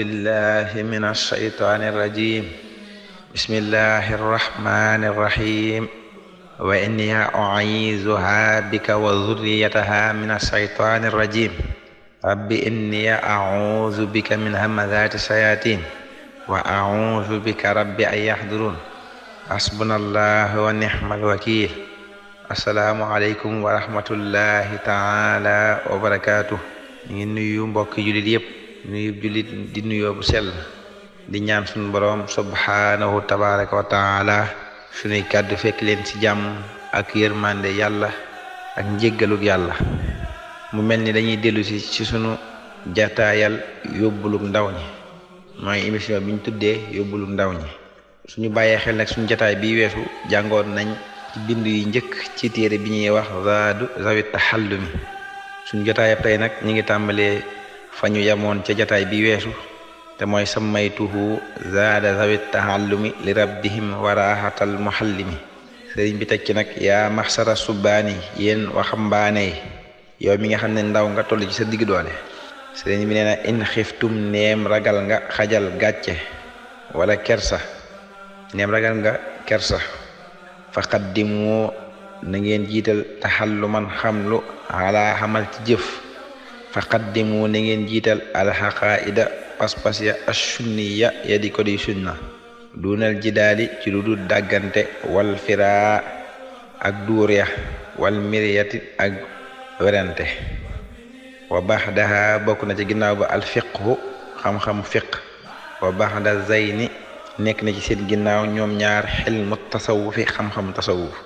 بالله من الشيطان الرجيم بسم الله الرحمن الرحيم وإني أعيذها بك وذريتها من الشيطان الرجيم رب إني أعوذ بك من همذات الشياطين وأعوذ بك رب أن يحضرون حسبنا الله ونعم الوكيل السلام عليكم ورحمة الله تعالى وبركاته ñu ngi nuyu mbokk jullit yépp nuyub jullit di nuyoo bu sell di ñaan suñu boroom subhaanahu tabaraka wa suñuy kàddu fekk leen ci jàmm ak yërmande yàlla ak njéggalug yàlla mu mel ni dañuy dellusi ci suñu jataayal yóbbulug ndaw ñi mooy émission biñ ñu tuddee yóbbulug ndaw ñi suñu bàyyee xel nag suñu jataay bi weesu jàngoon nañ bind yu njëkk ci téere bi ñuy wax zaadu zawit taxallumi suñu jotaayab tey nag ñu ngi tàmbalee fa ñu yamoon ca jataay bi weesu te mooy sammaytuhu zaada zawit tahallumi li rabbihim waraaxatal muhallimi sëriñ bi teg ci nag yaa maxsara subbaani yéen waxambaane yi yow mi nga xam ne ndaw nga toll ci sa digg doole sëriñ in xiftum neem ragal nga xajal gàcce wala kersa neem ragal nga kersa faqaddimu na ngeen jiital taxalluman xamlu ala xamal ci jëf fa qaddimu na ngeen jiital alxaqaida pas-pas ya asunniya ya di ko dunal jidaali ci lu dul wal fira ak duur ya wal miryati ak werante wa baxdaha bokk na ci ginnaaw ba alfiqhu xam-xam fiq wa baxda zayni nekk na ci seen ginnaaw ñoom ñaar xilmu tasawufi xam-xam tasawuf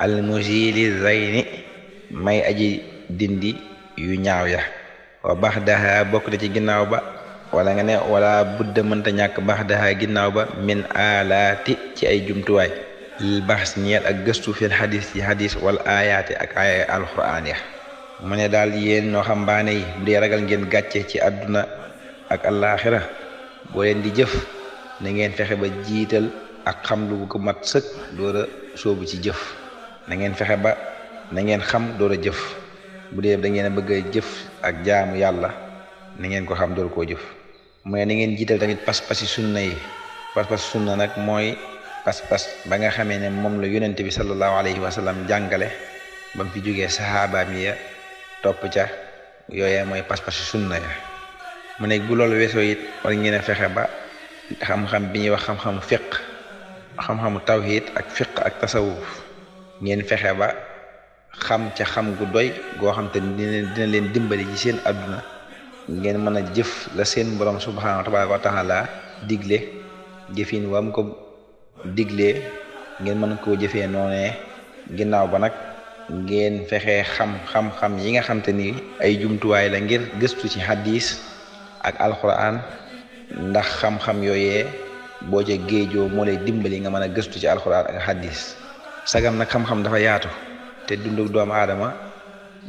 almujili zayni may aji dindi yu ñaaw ya wa baxdaha bokk na ci ginnaaw ba wala nga ne wala budda mënta ñàkk baxdaha ginnaaw ba min alaati ci ay jumtuwaay lil baxs ñeel ak gëstu fil xadis xadis wala aayaati ak aaya alxuraan ya mu ne daal yéen noo xam mbaane yi bu ragal ngeen gàcce ci àdduna ak allaaxira boo leen di jëf na ngeen fexe ba jiital ak xam lu bu ko mat sëkk door a ci jëf na ngeen fexe ba na ngeen xam door jëf bu dee da ngeen a bëgg a jëf ak jaamu yàlla na ngeen ko xam door koo jëf mooy na ngeen jiital tamit pas-pasi sunna yi pas-pas sunna nag mooy pas-pas ba nga xamee ne moom la yonent bi sallallahu alayhi wa sallam jàngale ba fi jógee saxaabaam ya topp ca yooyee mooy pas-pasi sunna ya mu ne bu loolu weesoo it war ngeen a fexe ba xam-xam bi ñuy wax xam-xamu fiq xam-xamu tawhid ak fiq ak tasawuf ngeen fexe ba xam ca xam gu doy goo xam te dina dina leen dimbali ci seen àdduna ngeen mën a jëf la seen borom subhaanahu tabaaraka wa taala digle jëfin wam ko digle ngeen mën koo jëfee noonee ginnaaw ba nag ngeen fexe xam xam xam yi nga xam te ni ay jumtuwaay la ngir gëstu ci hadis ak alquran ndax xam-xam yooyee boo ca géejoo moo lay dimbali nga mën a gëstu ci alquran ak hadis sagam nag xam-xam dafa yaatu te dundu doomu aadama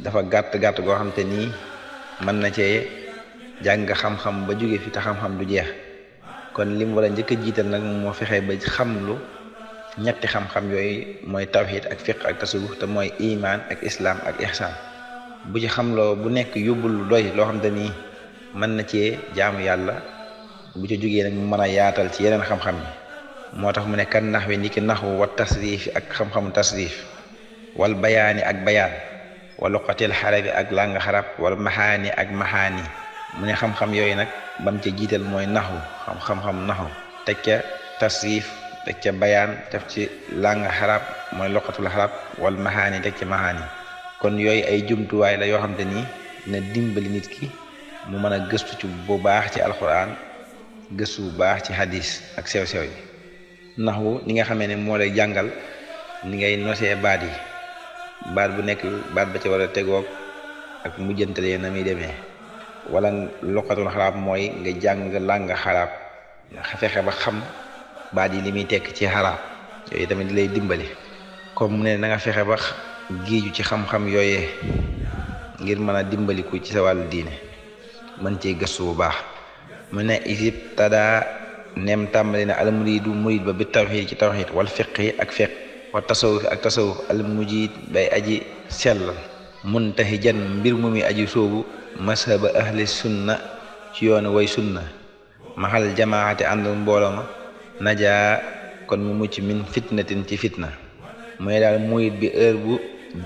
dafa gàtt gàtt goo xam te nii mën na cee jàng xam-xam ba jóge fi te xam-xam du jeex kon li mu njëkk a jiital nag moo fexee ba xam lu ñetti xam-xam yooyu mooy tawhid ak fiq ak tasawuf te mooy imaan ak islaam ak ihsan bu ci xam loo bu nekk yóbbul lu doy loo xam te nii mën na cee jaamu yàlla bu ci jógee nag mu mën a yaatal ci yeneen xam-xam yi moo tax mu nekk nax wi ndikki nax naxwu wa tasrif ak xam-xamu tasrif wal bayaani ak bayaan wal luqatil xarabi ak làng xarab wal maxaani ak maxaani mu ne xam-xam yooyu nag bam ca jiital mooy naxu xam xam teg ca tasrif teg ca bayaan def ci làng xarab mooy luqatul xarab wal maxaani teg ca kon yooyu ay jumtuwaay la yoo xam ni na dimbali nit ki mu mën a gëstu ci bu baax ci alquran gëstu bu baax ci hadis ak sew li nga xamee ne moo lay jàngal ni ngay nosee baat yi baat bu nekk baat ba ci war a tegoog ak mujjantale na muy demee wala loqatul xaraab mooy nga jàng làng xaraab nga fexe ba xam baat yi li muy tekk ci xaraab yooyu tamit di lay dimbali comme mu ne na fexe ba géeju ci xam-xam yooyee mën a dimbaliku ci sa wàllu diine mën cee gëstu bu baax mu ne isib tadaa nem tàmbali na al muridu murid ba bi tawxiid ci tawxiid wal fiqi ak fiq wa tasawuf ak tasawuf al mujid bay aji mun sellal muntahijan mbir mu muy aji soobu masaba ahli sunna ci yoonu woy sunna maxal jamaate àndal mbooloo ma najaa kon mu mucc min fitnatin ci fitna mooy daal muyit bi heure bu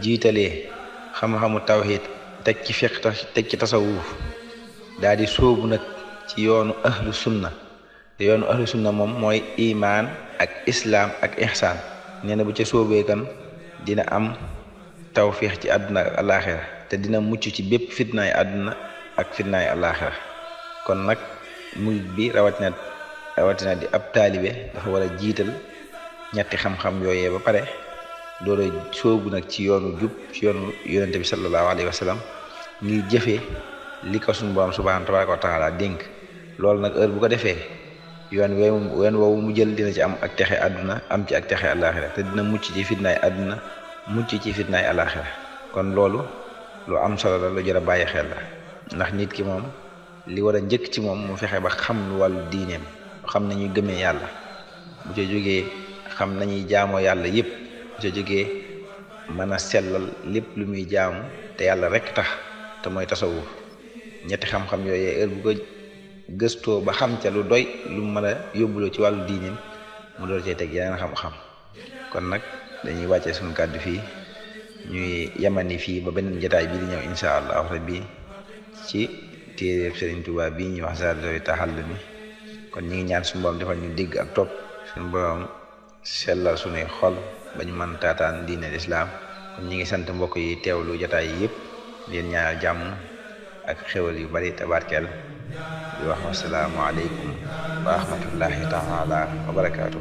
jiitalee xam-xamu tawxid teg ci fiq teg ci tasawuf daal di sóobu nag ci yoonu ahlu sunna te yoonu ahlu sunna moom mooy imaan ak islaam ak ihsaan nee na bu ca sóobee kan dina am tawféex ci àdduna ak alaaxira te dina mucc ci bépp fitnaay àddina ak fitnaay alaaxira kon nag murit bi rawatina rawatina di ab taalibe dafa war a jiital ñetti xam-xam yooyee ba pare doole sóobu nag ci yoonu jub ci yoonu yonente bi sallallahu alayhi wa sallam ngir jëfe li ko suñu borom subhaana tabaaraka wa taala dénk loolu nag eur bu ko defee yoon woowu yoon woowu mu jël dina ci am ak texe àdduna am ci ak texe àllaaxira te dina mucc ci fitnaay àdduna mucc ci fitnaay àllaaxira kon loolu lu am solo la lu jar a bàyyi xel la ndax nit ki moom li war a njëkk ci moom mu fexe ba xam lu wàllu diineem xam na ñuy gëmee yàlla bu ca jógee xam nañuy jaamoo yàlla yëpp bu ca jógee mën a sellal lépp lu muy jaamu te yàlla rek tax te mooy tasawuf ñetti xam-xam yooyee gëstoo ba xam ca lu doy lu mu a yóbbuloo ci wàllu diineem mu door cee teg yeneen xam-xam kon nag dañuy wàccee suñu kàddu fii ñuy yemani fii ba benn jotaay bi di ñëw insha allah rabbi ci téeréb Serigne Touba bii ñuy wax Zaadul Tahalumi kon ñu ngi ñaan suñu borom defal ñu digg ak topp suñu borom sellal xol ba ñu mën taataan kon ñu ngi sant mbokk yi teewlu jotaay yi yëpp leen ñaanal jàmm ak xéwal yu bari tabarkeel di wax wasalaamualeykum wa rahmatullahi taala wa barakaatu.